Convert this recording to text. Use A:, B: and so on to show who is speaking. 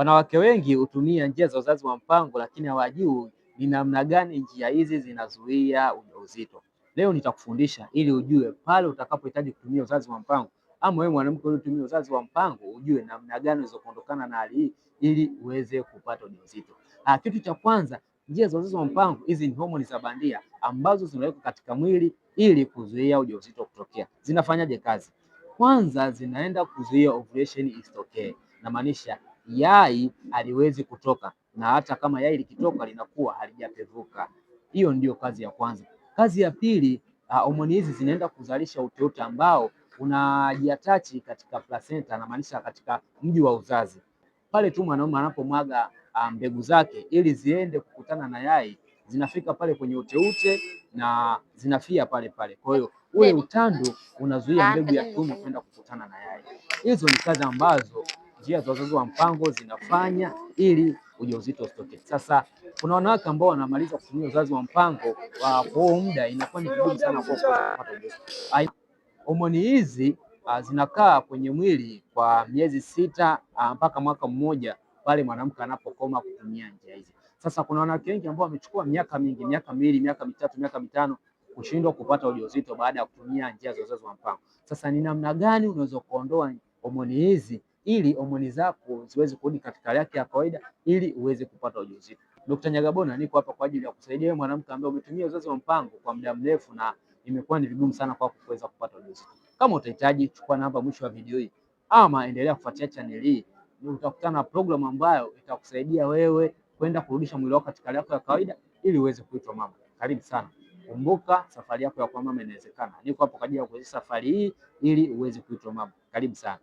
A: Wanawake wengi hutumia njia za uzazi wa mpango lakini hawajui ni namna gani njia hizi zinazuia ujauzito. Leo nitakufundisha ili ujue pale utakapohitaji kutumia uzazi wa mpango ama wewe mwanamke unayetumia uzazi wa mpango ujue namna gani unaweza kuondokana na hali hii ili uweze kupata ujauzito. Ah, kitu cha kwanza, njia za uzazi wa mpango hizi ni homoni za bandia ambazo zinawekwa katika mwili ili kuzuia ujauzito kutokea. Zinafanyaje kazi? Kwanza zinaenda kuzuia ovulation isitokee, namaanisha yai haliwezi kutoka, na hata kama yai likitoka linakuwa halijapevuka. Hiyo ndiyo kazi ya kwanza. Kazi ya pili, ah, homoni hizi zinaenda kuzalisha uteute ambao unajiatachi katika placenta, anamaanisha katika mji wa uzazi. Pale tu mwanaume anapomwaga ah, mbegu zake ili ziende kukutana na yai, zinafika pale kwenye uteute na zinafia pale pale. Kwa hiyo ule utando unazuia mbegu ya ah, kiume kwenda kukutana na yai. Hizo ni kazi ambazo njia za uzazi wa mpango zinafanya ili ujauzito usitoke. Sasa kuna wanawake ambao wanamaliza kutumia uzazi wa mpango kwa huo muda, inakuwa ni vigumu sana kwa kupata ujauzito. Homoni hizi ah, zinakaa kwenye mwili kwa miezi sita ah, mpaka mwaka mmoja pale mwanamke anapokoma kutumia njia hizi. Sasa kuna wanawake wengi ambao wamechukua miaka mingi, miaka miwili, miaka mitatu, miaka mitano kushindwa kupata ujauzito baada ya kutumia njia za uzazi wa mpango. Sasa ni namna gani unaweza kuondoa homoni hizi ili homoni zako ziweze kurudi katika hali yake ya kawaida ili uweze kupata ujauzito. Dr. Nyagabona niko hapa kwa ajili ya kusaidia wewe mwanamke ambaye umetumia uzazi wa mpango kwa muda mrefu na imekuwa ni vigumu sana kwako kuweza kupata ujauzito. Kama utahitaji, chukua namba mwisho wa video hii ama endelea kufuatia channel hii, ndio utakutana na program ambayo itakusaidia wewe kwenda kurudisha mwili wako katika hali yako ya kawaida ili uweze kuitwa mama. Karibu sana. Kumbuka safari yako ya kuwa mama inawezekana. Niko hapo kwa ajili ya kuwezesha safari hii ili uweze kuitwa mama. Karibu sana.